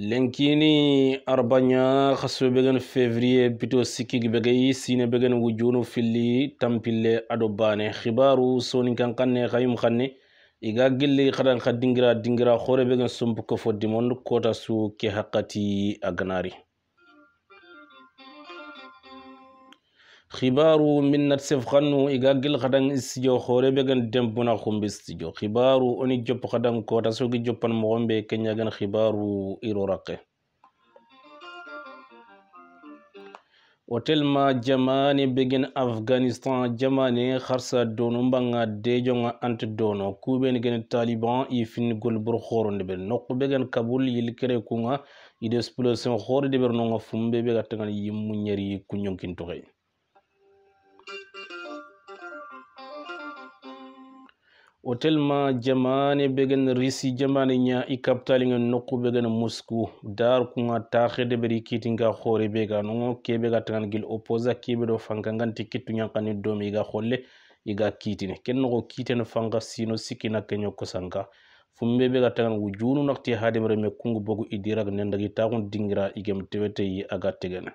lenkini arbaña hasoɓe ɓegen février pito sikkigi ɓegay sine ɓegen wujunu filli tampille aɗo bane hibaru soninkan kanne hayum hanne iga gilli haɗan ha dingira dingira hore ɓegen sumpu kofo dimond kota su ke hakkati aganari khibaru minnat sefkhanu iga gil khadan istidio khorebe gan dembuna khumbi istidio khibaru oni jop khadan kota sogi jopan mogombe kenya gan khibaru iro rakke hotel ma jamani begin afghanistan jamani kharsa dono mbanga dejo nga ante dono kuben gen taliban i fin gol bur khoro ndebe nokku begen kabul yil kere kunga i desplosion khoro ndebe no nga fumbe be gatangal yimmu nyari kunyonkin to kay o telma jamane began risi jamane ña i kaptalinge nokku began mousku dar kunga taxede ɓeɗi kitinga xoore ɓega nongo keɓega tangan gil opposa keɓeɗo fanka nganti kittuñangkani dome iga xolle iga kiitine ken noxo kiiten fanka sino sikkina keño kosanka fumɓe ɓega tangan wo junu nakti hademre me kungu bogu idirak nendagi taxun dingira igem tewete yi aga tegene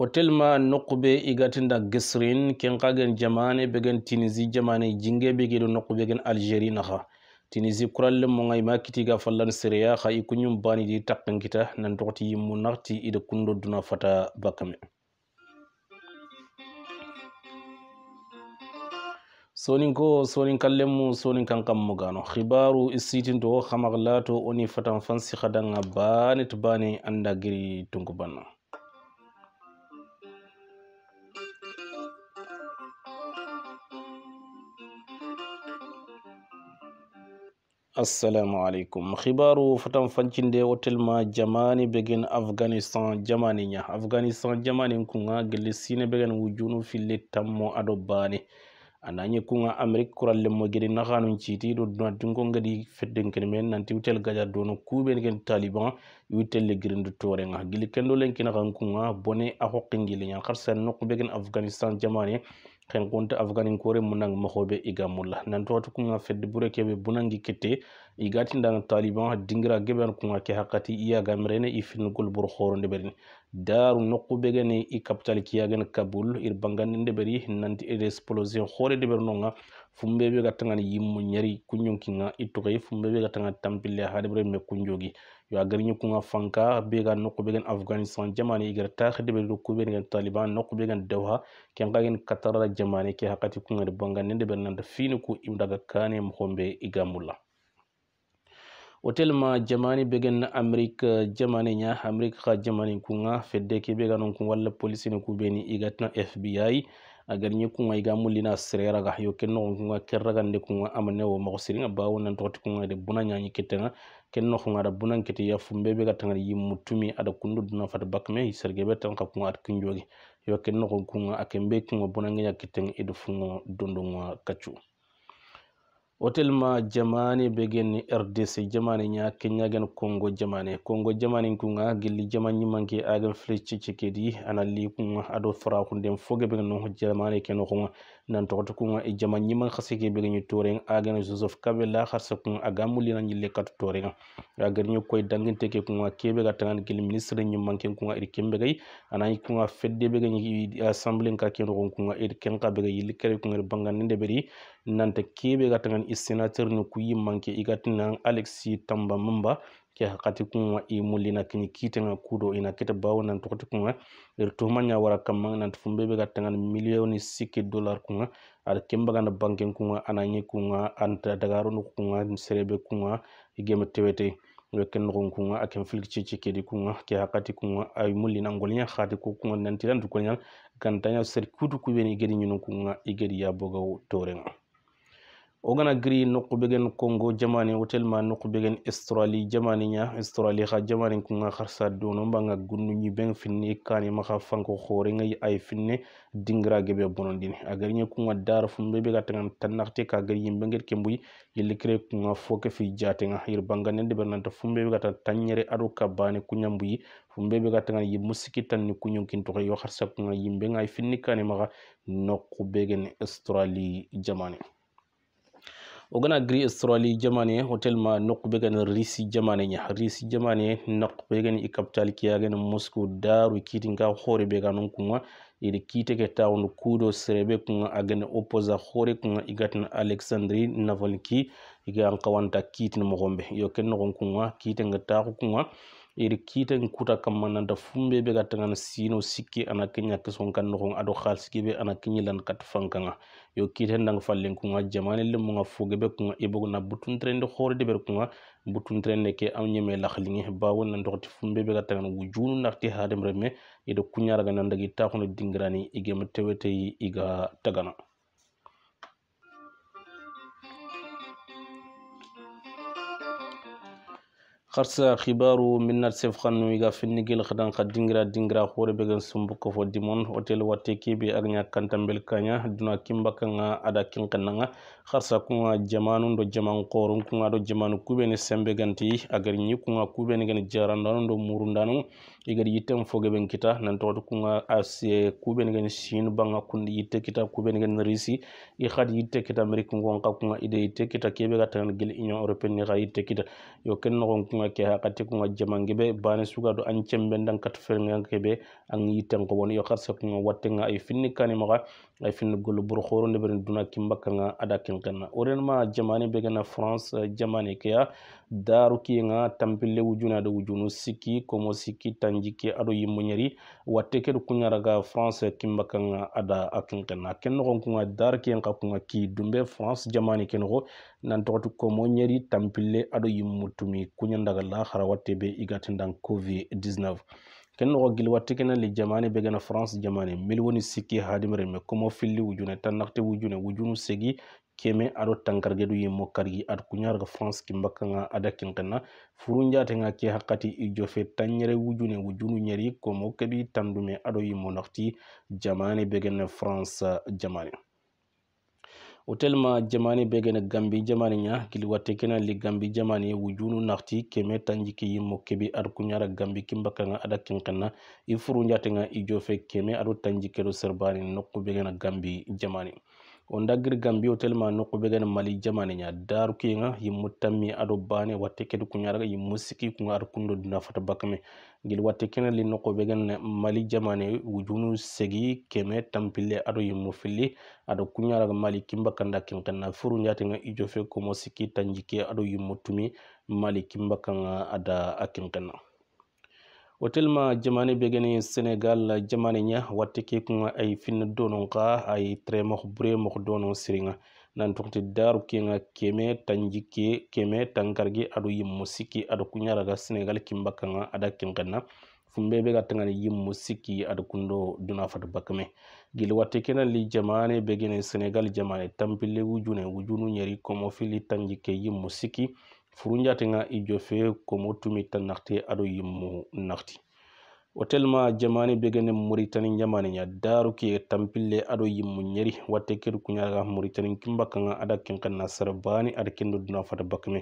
hotelma nokkube igatinda gesrin kenkagen jamane began tunisi jamane jinge begeɗo nokkubegen algérie naha tunisi kuralle mogay makitiga fallan séréya ha i kuñum banidi takkenkita nantoxti yimmu narti ida kundo duna fata bakame sonin ko sonin kallen mu sonin kankan mugano hibaru isitinto xamaxlato oni fatan fansi xadanga baneti bane anda giri tunkubanna assalamu aleykum hibaru fatan fancinde wotelma jamani begen afghanistan jamani ya afghanistan jamani kunga gelle sine begen wujunu fille tammo aɗo bani anañi kunga amérique kuralle mo gedi nahanum ciiti ɗo donadingo gadi feddenkene men nanti witel gaja dono kuɓen ken taliban witelle girindu torenga gili kendolenkinahan kunga bone a hoqqingiliña har sen nokku begen afghanistan jamani xenkunta afganinkore kore munang mahobe iga mulla nan towatu kunga fedde bure kebe bunangi kette igatindan taliban ha dingira geben kunga ke hakkati iyaga merene i finnugol bur horonde ɓerini daru nokku begene i capital kiyagen kabul ir bangandinde ɓeri nanti ede explosion hoorede ɓer noga fumbe ɓe gattagani yimmo ñari kuñonkinga i togoy fumbe ɓe tampille haade me kunjogi yo a garin kunga fanka bega ga nokku be afghanistan jamani igar taxi de be do ku taliban nokku began dawa dawha ken ga gen jamani ke hakati kunga de banga nende be nan da fini ku im daga kane mo iga igamulla hotel ma jamani begen na amerika jamani nya amerika ka jamani kunga fedde ke be ga non kun walla police ne ku be igatna fbi a agar nye kunga iga mulina sirera ga yo ken no kunga kerra gande kunga amane wo mako siringa bawo nan to kunga de buna nyanyi nga ken no kunga da bunan kete ya fumbe be ga tangar yi mutumi ada kundu duna fat bakme serge be tan ka kuma at kunjogi yo ken no kunga akembe kunga bunan nya kiten edu fungo dondonga otel ma jamani begeni rdc jamani nya kenyagen kongo jamani kongo jamani kunga gilli jamani manke agen flecci cikedi ana kunga ado fara kunden foge be no jamani keno kunga nan to kunga e jamani man khasike be ni toren agen joseph kabela kharsa kunga agamuli nan yille kat toren agen ni koy danginte ke kunga kebe ga tangan gilli ministre ni manke kunga ir kembe gay ana kunga fedde be ni assembly ka keno kunga ir kenka be yille kere kunga bangande beri nan te kebe ga tangan i sénateur ni ku yi manke i ka tinan alexi tamba mumba ke hakati kunwa i mulli na kini kitenga kudo ina kete bawo nan tokoti kunga ir tuhuma nya wara kamma nan fumbe be gatangan miliyoni siki dollar kunga ar kembaga na banken kunga ananyi kunga anta dagaro nu kunga serebe kunga igeme tewete we ken nogon kunga aken filki cici kedi kunga ke hakati kunga ay mulli na ngolinya khati ko kunga nan tiran du kan tanya ser kudu kubeni gedi nyunu kunga igedi ya boga torenga o gana giri nokku begen congo jamani o telma nokku begen estrali jamani ña estrali xa jamani kunga xarsa dono mbanga gunnu ñibeng finne kani maxa fanko xoore ngayi ay finne dingira gebe bonondine a gariñe kunga dara fum be ɓega tangan tannaxte ka gari yimɓe nged ke mbuy yelli kire kunga foke fi jatenga yir banga nen ndeɓernanta fum be ɓegata tanñere aɗo ka bane kuña mbuyi fum be ɓega tangan yi musiki tan ni kuñon kintoxe yo xarsa kunga yimɓe ngayi finni kani maxa nokku begen estrali jamani ogana gri australie jamane hotel ma nok began risi jamane nya risi jamane nok began i capital kiya moscow daru hore began kuma ida kite ke tawn kudo serebe kuma agan opposa hore kuma igatna alexandri navalki iga an kawanta kitin mogombe yo ken nogon kuma kite ga kuma iri kiten kuta kamma da fumbe be ga na sino sikki ana kenya kison kan nokon ado khal sikki be ana kenyi lan kat fankanga yo kiten dang fallen kunga jamani le munga foge be kunga ibogo na butun trende khore de ber kunga butun trende ke am nyeme lakhlingi ba wonna ndokti fumbe be ga tangana wujunu nakti hadem reme ido kunyara ga nandagi taxuna dingrani igem tewete iga tagana harsa khibaru minna sef xannu ga finni gel xadan xa dingra dingira hore be gan sumbu ko fo dimon hotel watte bi ak nya kantambel kanya duna kimbaka nga ada kinqanna nga harsa nga jamanu do jaman qorun nga do jamanu kubene sembe ganti agar nyi nga kubene gan jaran do murundanu igadi foge ben kita nan toxoto kunga ase kuɓenigen chine banga kundi yitte kita gen risi i xad yitte kita amérique ngon xa kunga ide yitte kita kebe ga tangan gel union européenne ni xa yitte kita yo ken noxon kunga ke xa xati kunga be bane suga do an cemben dan kat ferengan keɓe an yitten qoɓon yo xar se watte nga ay finni kane ga ay finni golo bor xoro ndeɓeren duna kimbakanga ada kenkena orenma jamani gena france eh, jamani ya daru kinga tampille wujuna da wujunu siki komo siki tanjiki ado yimmunyari watte kedo kunyaraga france kimbakanga ada akinqena kennogon kunga dar kenga kunga ki dumbe france jamani kenogo nantogotu komo nyari tampille ado yimmutumi la lahara watte be igatindan covid 19 ken kennoxo gil watti kena li jamani be gana france jamani woni sikki hadimreme komo filli wujune tannakte wujune wujunu segi keme aɗo tankarge du yimmo kargi ad kuñarga france ki bakkanga ada kinkinna furu jatenga ke hakkati i jofe tanñere wujune wujunu ñeri ko mo keɓi tandume aɗo yimmo nafti jamani begene france jamani otelma jamani begene gambi jamani ña kili watte kena li gambi jamani wujunu nafti keme tanjike yimmo keɓi ad kuñara gambi kimbakkanga ada kinkinna i furu jatenga i jofe keme aɗo tanjikeɗo serbani nokku begene gambi jamani on daggiri gam biyo telma nokku ɓe gani mali jamaniya daru kega yimmo tammi aɗo bane watte kadi kuñaraga yimmo sikki kuga ar kundo nafata bakka me guel watte kene li nokku ɓe gani mali jamane ujunu segi keme tampille aɗo yimmo filli aɗo kuñaraga mali kimbakanda kega tanna furu jatega ijo fe komo sikki tanjike aɗo yimmo tumi mali kimbakaga ada akinkenna wo telma jamani begeni sénégal jamani ña watte kekuŋa ay finna donon ka ay trémokh bourémokh dono sirinŋa nantukti daru kinŋa keme tanjikke keme tankargi aɗo yimmo sikki aɗa kuñaraga sénégal kimbakkaŋa ada kinkenna fumbe be gattaŋani yimmo sikki aɗa kundo dunafat bakkame gili watte kenanli jamani begeni sénégal jamani tampille wujune wujunu ñeri komofili tanjikke yimmo sikki furunjatenga i jo fe komo tumita naxte aɗo yimmu naxti wo telma jamani begene muritani jamaniya daru ke tampille aɗo yimmu ñeri watte ker kuñaga muritani kimbakkanga aɗa kenkenna sara bani aɗa kendo duna fata bakme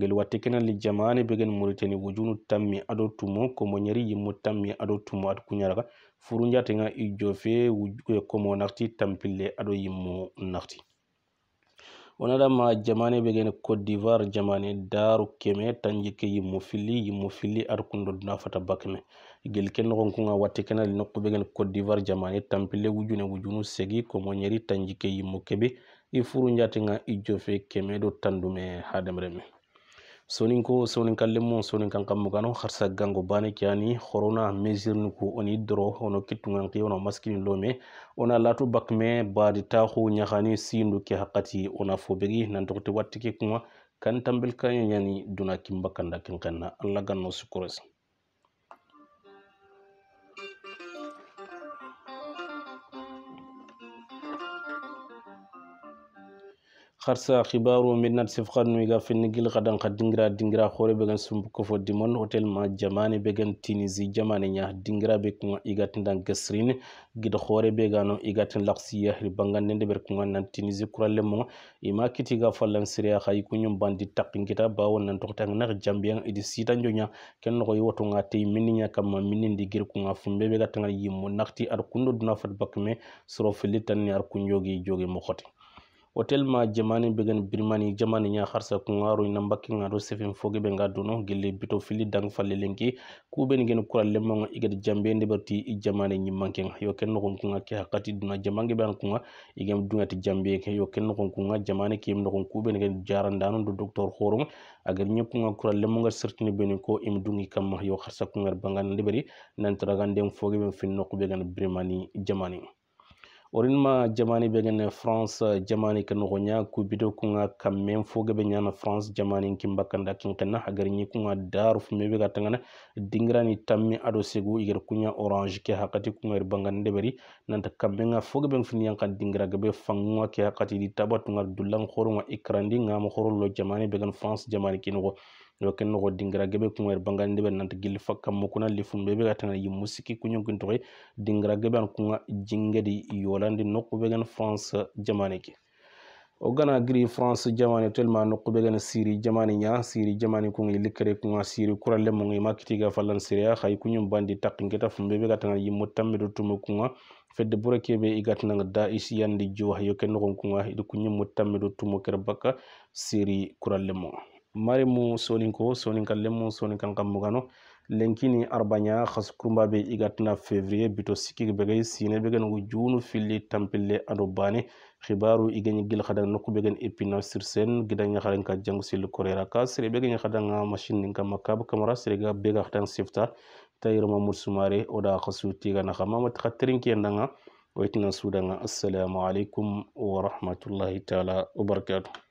gel watte kenali jamani begen muritani wujunu tammi aɗo tumo komo ñeri yimmu tammi aɗo tumo aɗa kuñaraga furunjatenga i jo fe komo naxti tampille aɗo yimmu naxti o nadama jamane ɓe gene côte d'ivoire jamane daru keme tan jikke yimmo filli yimmo filli arkundo nafata bake me guel kenno konkoga watte kenali e nokku ɓe gene côte d'ivoire jamane tampille wujune wujunu segui komo ñeri tan jikke yimmo keɓi i e furu jatega ijjo e fe keme ɗo tandume hademre men soninko soninkalemu soninkankamugano harsa gango bane keani horona mesure nuku oni doro ono ki ono maskini lome ona latu bakme badi tahu ñahani sindu ke hakati ona fobegi nantokoti wattike kuma kan tambel kaña ñani duna kimba kanda kenkenna allah ganno sukurasi harsa hibaru midnat sefkanu iga fennigil kadan ka dingira dingira hore be gan sumbuko fo dimon hotel ma jamane be tinisi jamane nya dingira be kunga igatin dan gasrin gida hore be igatin laksi yahri bangan nende ber kunga nan tinisi kuralle mo ima kiti ga fallan siriya khay kunyum bandi takin kita bawon nan tokta ngana jambiyan idi sitan jonya ken no yoto nga te mininya kama minin digir kunga fumbe be gatangal yimmo nakti ar kundo duna bakme soro filitan ni ar kunjogi jogi mo khoti hotel ma jamani begani birmani jamani nya harsa kungaro ina mbaki ngaro sefin foge be ngaduno gelle bito fili dang falelenki kuben gen kural lemma igad jambe ndeberti i jamani nyi manken yo ken no kunga ke hakati duna jamange ban kunga igam dunga ti jambe ke yo ken no kunga jamani ke no kun kuben gen jarandano do docteur horon agar nyi kunga kural lemma ngar sertini beni ko im dungi kam yo harsa kungar bangan ndeberi nan tragande foge be fin no kubegan birmani jamani orin ma jamani be ngene france jamani kan gonya ku bido ku nga kamen fo gabe nyana france jamani kin bakanda kin kana hagar ni ku nga daru fu mebe ga tangana dingrani tammi ado segu igar kunya orange ke hakati ku nga bangan de bari nanta kamen nga fo gabe fini yang kan dingra gabe fangunga ke hakati di tabatu nga dulang khoro nga ikrandi nga mo khoro lo jamani be gan france jamani kin no ken no dingra gebe kun wer bangan de ben nanti fakka mo kuna li fum bebe gatan yi musiki kunyo kun toy dingra gebe an kun jingedi yolande nokku be gan france jamane ke o gana giri france jamani tellement no kube gana siri jamani nya siri jamani kun yi likare kun a siri kura le mun ma kiti ga falan siria hay kun bandi takin geta fumbe be gatan yi mutamme do tumu kun fedde bura kebe igatna da isi yandi jo hayo ken no kun kun yi kun mutamme do tumu kerbaka siri kura le mun mu marimu soninko kan lemu kam kammugano lenkini arbanya kumba be igatna fevrier bito be gay sine be gu wujunu filli tampille ado bane khibaru igani gil khadan nokku begen epina sirsen gidan ya kharen ka jang sil korera ka sire be ya khadan machine ninka makab kamara sire ga bega khadan sifta tayir mamud sumare oda khasu tiga na khama mat khatrin ki ndanga waitina sudanga assalamu alaikum wa rahmatullahi ta'ala wa barakatuh